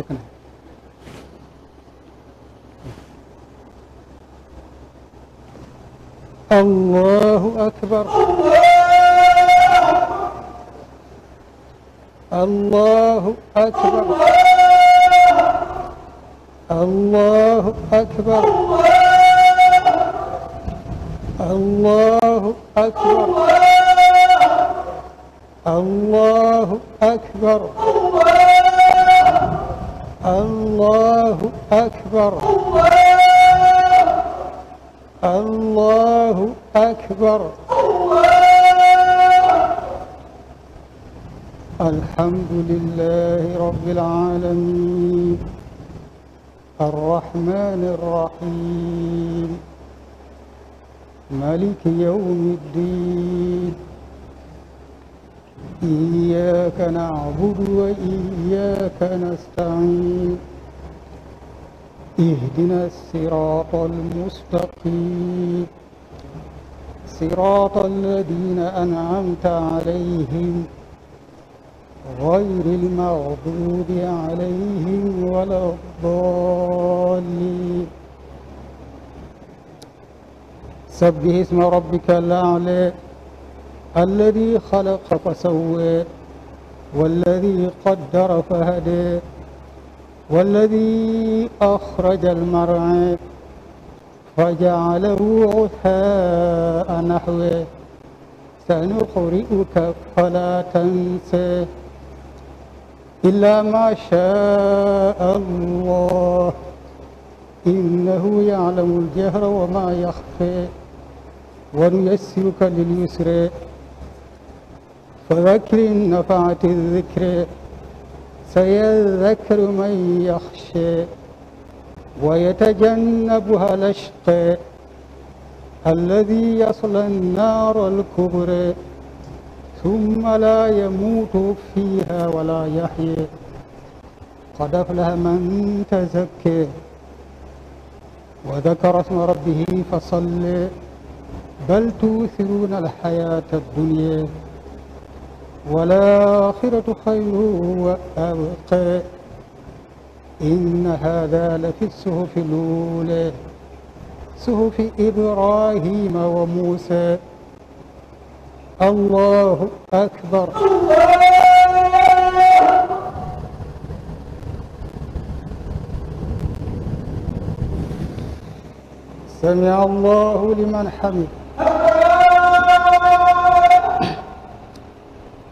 rek na allahu akbar allahu akbar allahu akbar allahu akbar allahu akbar الله أكبر الله أكبر الحمد لله رب العالمين الرحمن الرحيم مالك يوم الدين إياك نعبد وإياك نستعين اهدنا الصراط المستقيم صراط الذين أنعمت عليهم غير المغضوب عليهم ولا الضالين سبح اسم ربك الأعلى الذي خلق فسوى والذي قدر فهدى والذي أخرج المرعى فجعله غثاء نحوه سنقرئك فلا تنسى إلا ما شاء الله إنه يعلم الجهر وما يخفى ونيسرك لليسر وذكر نفعت الذكر سيذكر من يخشى ويتجنبها الأشقى الذي يصلى النار الكبرى ثم لا يموت فيها ولا يحيى قد أفلح من تزكى وذكر اسم ربه فصلى بل توثرون الحياة الدنيا والآخرة خير وأبقى إن هذا لفي الصحف الأولى صحف إبراهيم وموسى الله أكبر سمع الله لمن حمده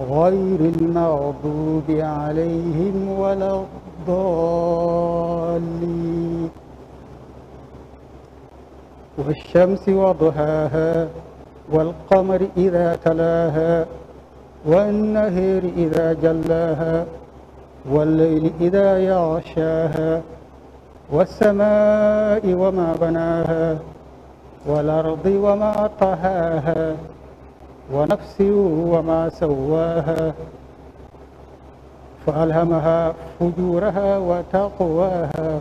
غير المغضوب عليهم ولا الضالين والشمس وضحاها والقمر إذا تلاها والنهر إذا جلاها والليل إذا يغشاها والسماء وما بناها والأرض وما طهاها ونفس وما سواها فألهمها فجورها وتقواها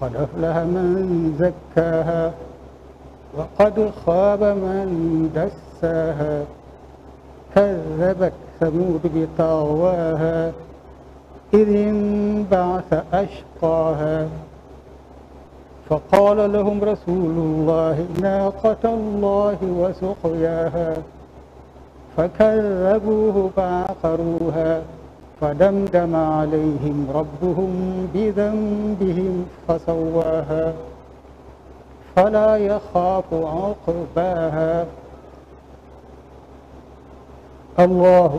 قد أفلح من زكاها وقد خاب من دساها كذبت ثمود بطغواها إذ انبعث أشقاها فقال لهم رسول الله ناقة الله وسقياها فكذبوه فعقروها فدمدم عليهم ربهم بذنبهم فسواها فلا يخاف عقباها الله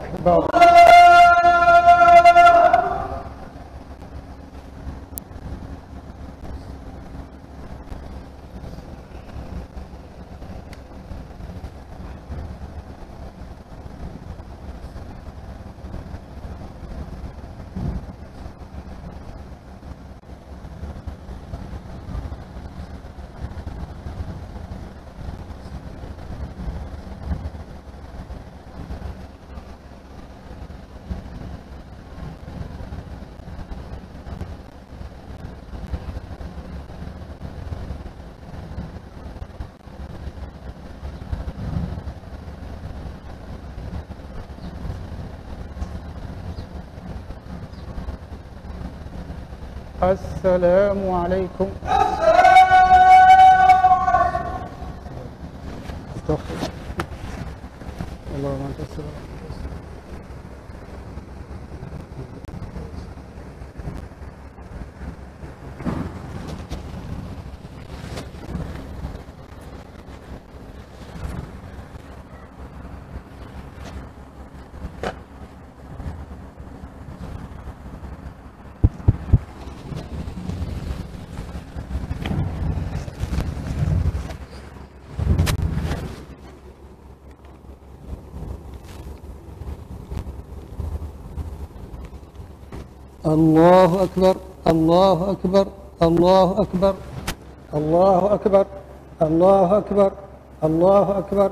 olarak bağlı. assalaamu aleykum الله أكبر الله أكبر الله أكبر الله أكبر الله أكبر الله أكبر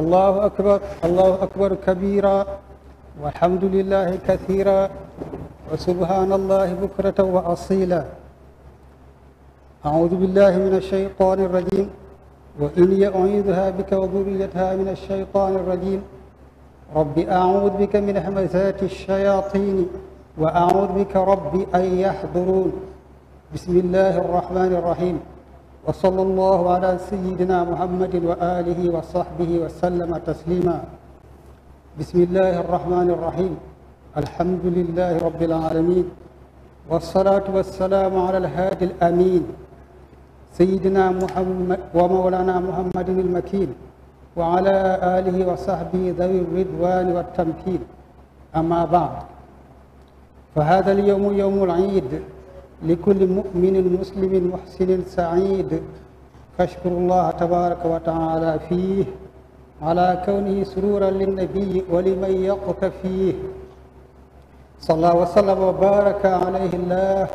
الله أكبر الله أكبر كبيرا والحمد لله كثيرا وسبحان الله بكرة وأصيلا أعوذ بالله من الشيطان الرجيم وإني أعيذها بك وذريتها من الشيطان الرجيم رب أعوذ بك من همزات الشياطين وأعوذ بك رب أن يحضرون بسم الله الرحمن الرحيم وصلى الله على سيدنا محمد وآله وصحبه وسلم تسليما بسم الله الرحمن الرحيم الحمد لله رب العالمين والصلاة والسلام على الهادي الأمين سيدنا محمد ومولانا محمد المكين وعلى آله وصحبه ذوي الرضوان والتمكين أما بعد فهذا اليوم يوم العيد لكل مؤمن مسلم محسن سعيد فاشكر الله تبارك وتعالى فيه على كونه سرورا للنبي ولمن يقتفيه صلى وسلم وبارك عليه الله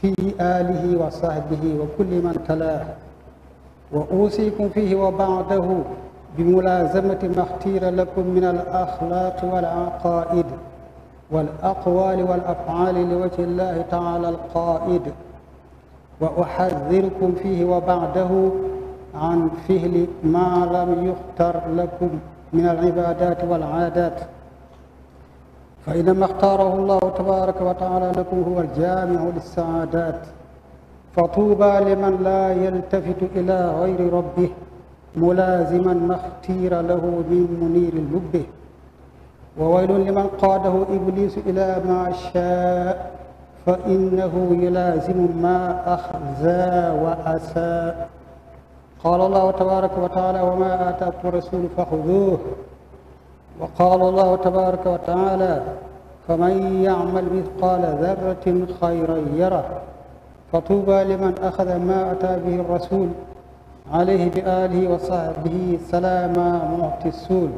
في آله وصحبه وكل من تلاه وأوصيكم فيه وبعده بملازمة ما اختير لكم من الأخلاق والعقائد والأقوال والأفعال لوجه الله تعالى القائد وأحذركم فيه وبعده عن فعل ما لم يختر لكم من العبادات والعادات فإن ما اختاره الله تبارك وتعالى لكم هو الجامع للسعادات فطوبى لمن لا يلتفت إلى غير ربه ملازما ما اختير له من منير لبه wa waylun liman qaadahu iblisu ila ma shaa fa innahu yulaazimu ma axza wa asaa qaala allahu tabaraka wa taala wa ma aataakum rasulu fa xuduuh wa qaala allahu tabaraka wa taala faman yacmal mithqaala darratin xayran yara fa tuuba liman axada ma ataa bihi rasul alayhi bi aalihi wa sahbihi salaama mu'ti suul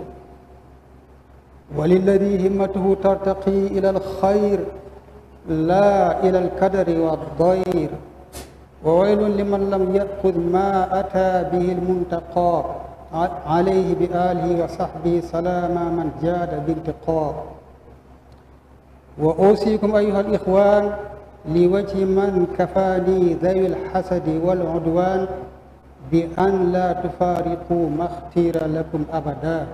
وللذي همته ترتقي إلى الخير لا إلى الكدر والضير وويل لمن لم يأخذ ما أتى به المنتقى عليه بآله وصحبه سلام من جاد بانتقاء وأوصيكم أيها الإخوان لوجه من كفاني ذوي الحسد والعدوان بأن لا تفارقوا ما اختير لكم أبدا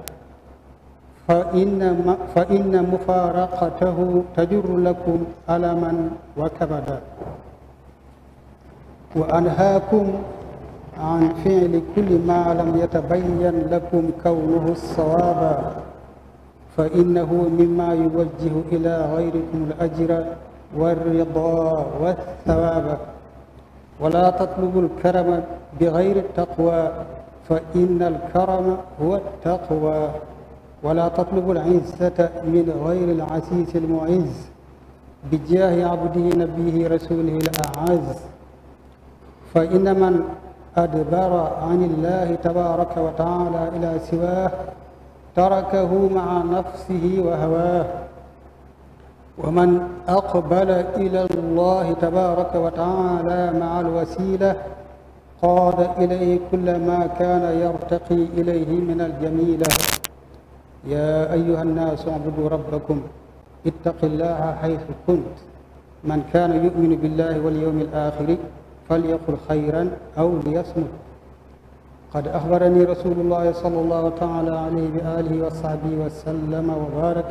فإن فإن مفارقته تجر لكم ألما وكبدا وأنهاكم عن فعل كل ما لم يتبين لكم كونه الصوابا فإنه مما يوجه إلى غيركم الأجر والرضا والثواب ولا تطلبوا الكرم بغير التقوى فإن الكرم هو التقوى ولا تطلبوا العزة من غير العزيز المعز بجاه عبده نبيه رسوله الأعز فإن من أدبر عن الله تبارك وتعالى إلى سواه تركه مع نفسه وهواه ومن أقبل إلى الله تبارك وتعالى مع الوسيلة قاد إليه كل ما كان يرتقي إليه من الجميلة يا أيها الناس اعبدوا ربكم اتقوا الله حيث كنت من كان يؤمن بالله واليوم الآخر فليقل خيرا أو ليصمت قد أخبرني رسول الله صلى الله تعالى عليه بآله وصحبه وسلم وبارك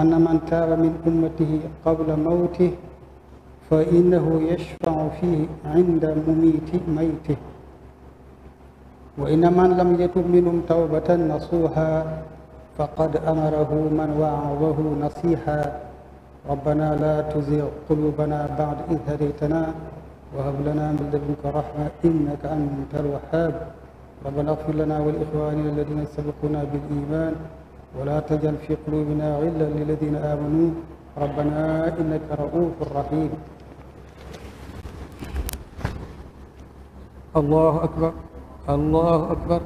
أن من تاب من أمته قبل موته فإنه يشفع فيه عند مميت ميته وإن من لم يتب منهم توبة نصوحا faqad amarahu man waa'adahu nasiiha rabbanaa laa tuzigh quluubanaa ba'da idh hadaytanaa wa hab lanaa min ladunka rahma innaka antal wahhaab rabbanaa ighfir lanaa wa li ikhwaaninaa alladiina sabaquunaa bil iimaan wa laa taj'al fii quluubinaa ghillan lilladiina aamanuu rabbanaa innaka ra'uufun rahiim. Allaahu akbar, Allaahu akbar,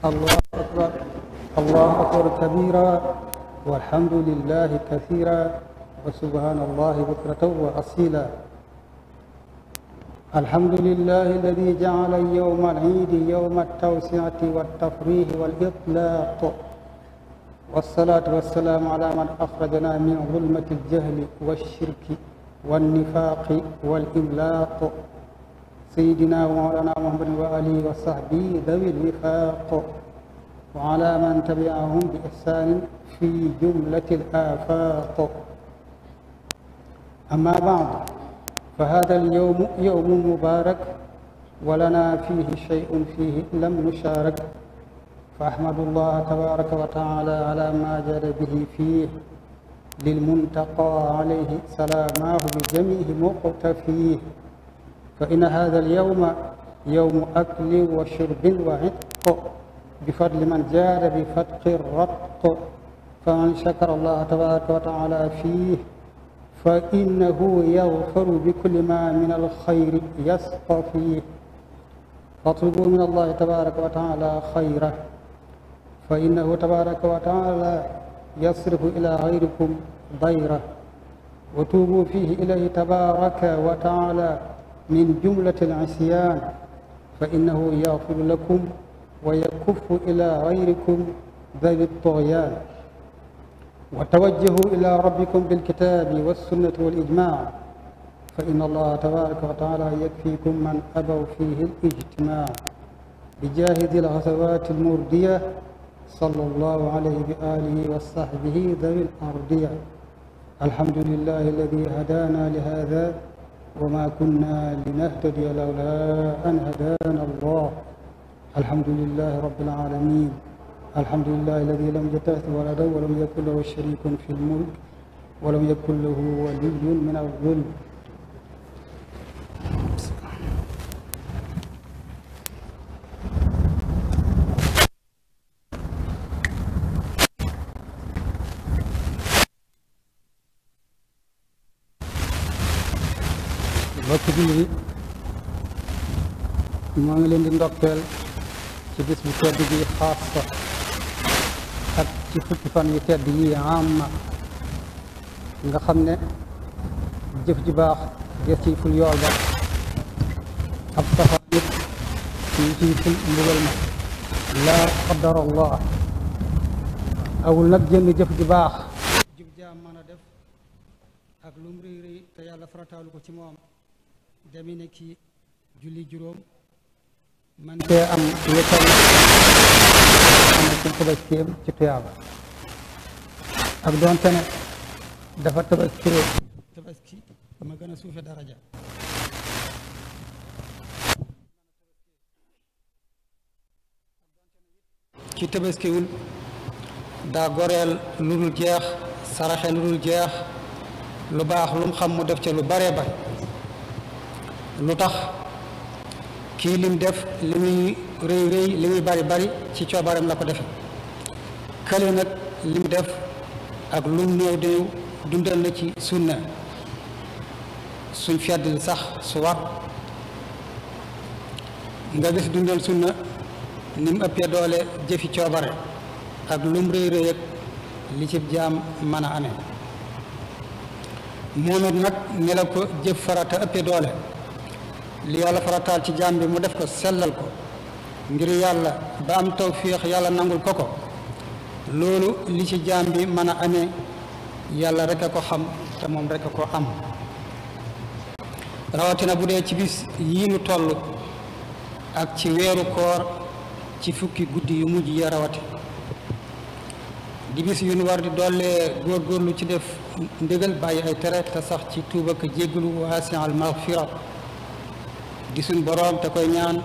Allaahu akbar. الله أكبر كبيرا والحمد لله كثيرا وسبحان الله بكرة وأصيلا الحمد لله الذي جعل يوم العيد يوم التوسعة والتفريح والإطلاق والصلاة والسلام على من أخرجنا من ظلمة الجهل والشرك والنفاق والإملاق سيدنا ومولانا محمد وآله وصحبه ذوي الوفاق وعلى من تبعهم بإحسان في جملة الآفاق أما بعد فهذا اليوم يوم مبارك ولنا فيه شيء فيه لم نشارك فأحمد الله تبارك وتعالى على ما جاد به فيه للمنتقى عليه سلاماه بجميع مقتفيه فإن هذا اليوم يوم أكل وشرب وعتق بفضل من زاد بفتح الرق فمن شكر الله تبارك وتعالى فيه فإنه يغفر بكل ما من الخير يصطفيه فاطلبوا من الله تبارك وتعالى خيره فإنه تبارك وتعالى يصرف إلى غيركم ضيره وتوبوا فيه إليه تبارك وتعالى من جملة العصيان فإنه يغفر لكم wa yakuffu ila gayrikum dhawi tughyaan wa tawajjahu ila rabbikum bilkitaabi wassunnati walijmaa fa inna allaha tabaraka wa taala yakfiikum man abaw fiihi alijtimaa bijaahi dil ghazawaati almurdiya sallallahu alayhi wa aalihi wa sahbihi dhawi alardiya alhamdulillahi alladi hadaana lihaadaa wa maa kunnaa linahtadiya lawlaa an hadaana allah الحمد لله رب العالمين الحمد لله الذي لم يتأث ولدا ولم يكن له شريك في الملك ولم يكن له ولي من الظلم mbokk julli maa ngi leen di ndokkeel ci bis bu tedd bi xaasa ak ci fukki fan yu tedd yi amma nga xam ne jëf ji baax des ci ful yool ba ab safa nit ñu ciy ful mbugal ma laa qadar allah awul nag jënd jëf ji baax jub jaam mën a def ak lum réy réy te yàlla farataalu ko ci moom demi ne kii juróom man am wétal ame ci tabaskiam ci tuyaaba ak doonte ne dafa tabaski tabaski ma gën a suufe daraja ci tabaskiwul daa goreel lu dul jeex saraxe lu dul jeex lu baax lu mu xam mu def ca lu baree ba lu tax kii lim def li muy rëy rëy li muy bari bari ci coobaram la ko defe kële nag lim def ak lum néew néew dundal na ci sunna suñ fedd sax su war nga gis dundal sunna ni mu ëppee doole jëfi coobare ak lum rëy rëy ak li ci jaam mën a amee moom it nag ne ko jëf farata ëppee doole li yàlla farataal ci jaam bi mu def ko sellal ko ngir yàlla ba am tawfiix yàlla nangul ko ko loolu li ci jaam bi mën a amee yàlla rek a ko xam te moom rek a ko am rawatina bu dee ci bis yii nu toll ak ci weeru koor ci fukki guddi yu mujj ya rawati di bis yu nu war di dollee góorgóorlu ci def ndigal bàyyi ay tere te sax ci tuub ak jéggalu waasi al maghfira di suñ boroom te koy ñaan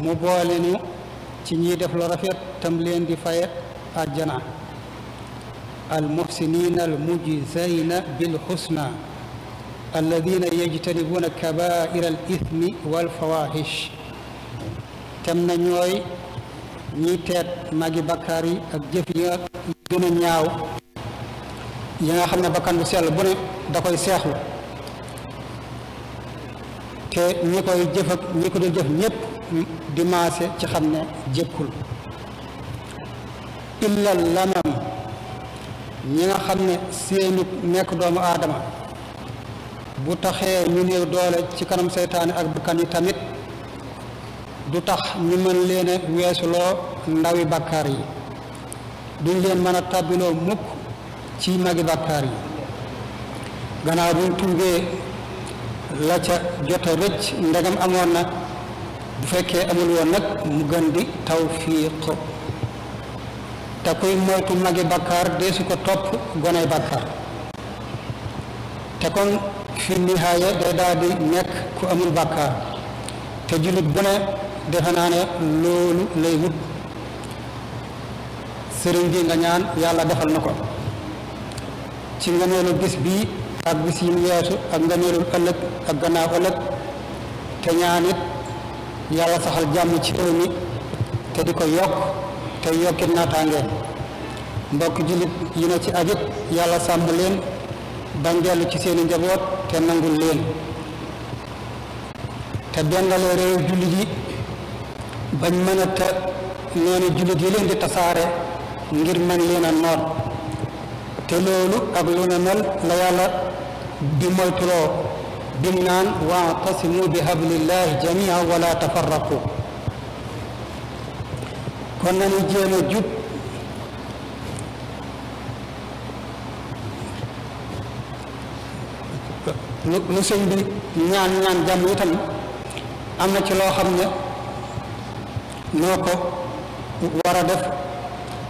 mu boole ci ñiy def lu rafet tam leen di fayet àjjana al muhsinina al mujzayna bil husna alladina yajtanibuna kabaira al wal fawahish tem na ñooy ñiy teet magi bakkaar yi ak jëf yi gën a ñaaw yi nga xam ne bakkan bu sell bu ne da koy seexlu te ñi koy jëf ak ñi ko dul jëf ñëpp di ci xam ne jëkkul illal lamam ñi nga xam ne seenu nekk doomu aadama bu taxee ñu néew doole ci kanam seytaane ak bakkan yi tamit du tax ñu mën leen a weesuloo ndawi bàkkaar yi duñ leen mën a tàbbiloo mukk ci magi bàkkaar yi gannaaw buñ tuubee la ca jot a rëcc ndegam amoon na bu fekkee amul woon nag mu gën di tawfiq te kuy moytu magi bàkkaar dee su ko topp goney bàkkaar te kon fi nihaaya day daal nekk ku amul bàkkaar te jullit bu defe naa ne loolu lay wut sëriñ bi nga ñaan yàlla defal na ko ci nga neelu bis bii ak bis yin weesu ak ngëneelul ëllëg ak gannaaw ëllëg te ñaan it yàlla saxal jàmm ci réew mi te di ko yokk te yokkit naataangeen mbokk jullit yi ne ci ajit yàlla sàmm leen bañ dellu ci seeni njaboot te nangul leen te bengalee réew jullit yi bañ mën a te noonu jullit yi leen di tasaare ngir mën leen a noot te loolu ak lu ne mel la yàlla di moytuloo bim naan waatasimu bi hablillahi jamia wala tafarraqu kon nañu jéem a jub lu sëñ bi ñaan ñaan jàmm itam am na ci loo xam ne noo ko war a def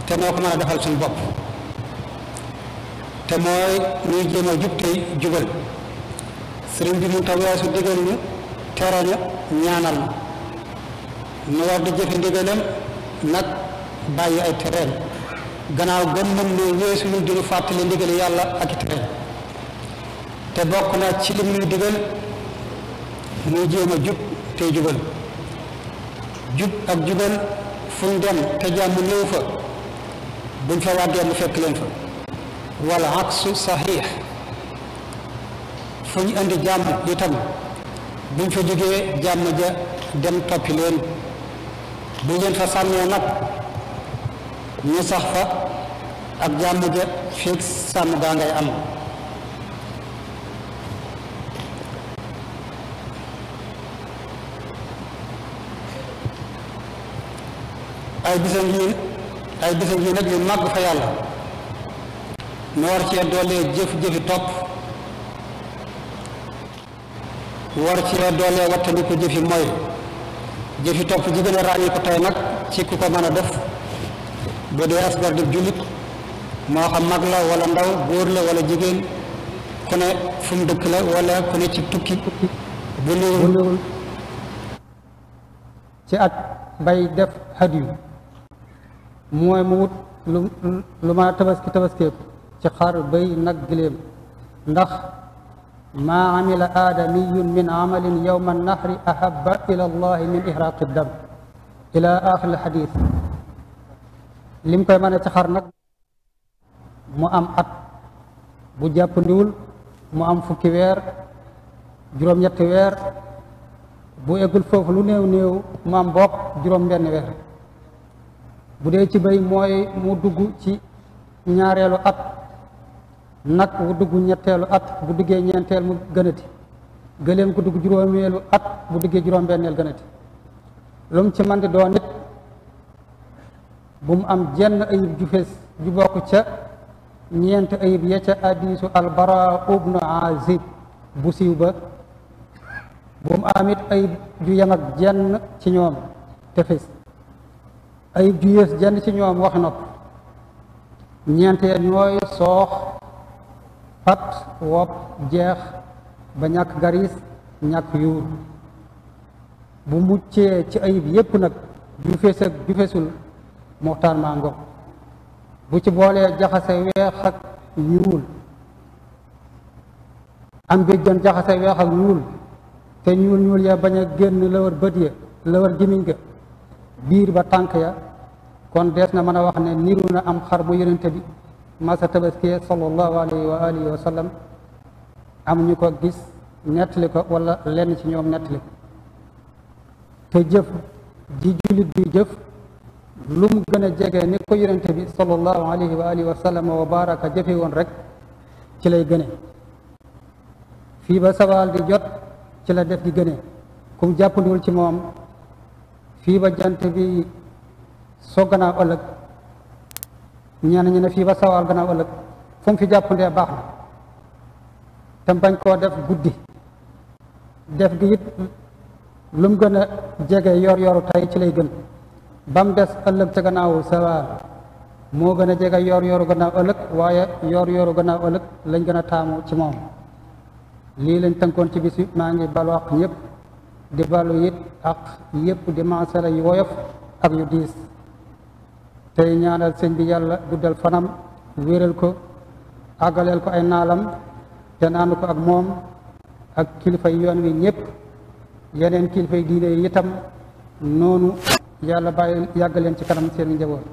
te noo ko mën a defal suñu bopp te mooy ñuy jéem a jub tey jubal sëriñ bi mun tax weesu digal ñu tere ñu ñaanal ñu war di jëfe ndigalam nag bàyyi ay tereel gannaaw gëm nañ ne weesu ñu dina fàttali ndigal yàlla ak i te bokk na ci lim ñuy digal muy jéem a jub tey jubal jub ak jubal fu ñu dem te jàmm néew fa buñ fa wàddee mu fekk leen fa wal aksu saxiix fu ñu indi jàmm itam buñ fa jógee jàmm ja dem toppi leen bu leen fa sàmmee nag ñu sax fa ak jàmm ja fii sàmm gaa ngay am ay bisa ngi ay bisa ngi nag yu màgg fa yàlla nu war cee doolee jëf-jëfi topp war cee doolee wattandi jëfi mooy jëfi topp ji gën a ràññi ko nag ci ku ko mën a def bu dee asgar di jullit moo xam mag la walla ndaw góor la wala jigéen ku ne fu dëkk la wala ku ne ci tukki bu néewul ci at bay def xat yu mooy mu wut lu lu ma tabaski tabaskee ci xar bëy nag giléem ndax maa amila aadamiyun min amalin yowma nahri ahaba ila allahi min ihraqi dam ila axiril xadis lim koy mën ci xar nag mu am at bu jàppandiwul mu am fukki weer juróom-ñetti weer bu eggul foofu lu néew néew mu am bokk juróom-benn weer bu dee ci bëy mooy mu dugg ci ñaareelu at nag bu dugg ñetteelu at bu duggee ñeenteel mu gënati gëléem ku dugg juróomeelu at bu duggee juróom-benneel gënati lu mu ci man doon it bu mu am jenn ayib ju fees ju bokk ca ñeent ayib ya ca hadiisu albara ubnu azib bu siiw ba bu mu am it ayib ju yem jenn ci ñoom te fees ayib ju yées jenn ci ñoom waxi nopp ñeenteel ñooy soox fat wopp jeex ba ñàkk garis ñàkk yuur bu muccee ci ayib yépp nag ju fees ak ju feesul muxtaar maa ngoog bu ci boolee jaxase weex ak ñuul am béjjën jaxase weex ak ñuul te ñuul ñuul ya bañ a génn lawar bët ya lawar gimiñ ga biir ba tànk ya kon dees na mën a wax ne niru na am xar bu yonente bi masa tabaskiyee sallallahu alayhi wa alihi wa sallam amuñu ko gis nettali ko wala lenn ci ñoom nettali ko te jëf ji jullit bi jëf lu mu gën a jege ni ko yonente bi sallallahu alayhi wa alihi wa sallam wa baraka jëfe woon rek ci lay gëne fii ba sawaal di jot ci la def di gëne kum jàppandiwul ci moom fii ba jant bi sogganaa ëllëg ñeen ñu ne fii ba sawaal gannaaw ëllëg fu mu fi jàppandee baax na te bañ koo def guddi def gi it lu mu gën a jege yor yoru tey ci lay gën ba mu des ëllëg ca gannaaw sawaal moo gën a jege yor yoru gannaaw ëllëg waaye yor yoru gannaaw ëllëg lañ gën a taamu ci moom lii lañ tënkoon ci bis bi maa ngi balu ak ñëpp di balu it ak yëpp di maasala yu woyof ak yu diis tey ñaanal sëñ bi yàlla guddal fanam wéral ko àggaleel ko ay naalam te naanu ko ak moom ak kilifa yoon wi ñëpp yeneen kilifa diine yi itam noonu yàlla bàyyi yàgg leen ci kanam seen njaboot